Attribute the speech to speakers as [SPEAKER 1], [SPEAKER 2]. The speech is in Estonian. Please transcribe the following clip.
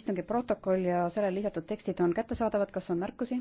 [SPEAKER 1] istungi protokoll ja sellele lisatud tekstid on kättesaadavad, kas on märkusi?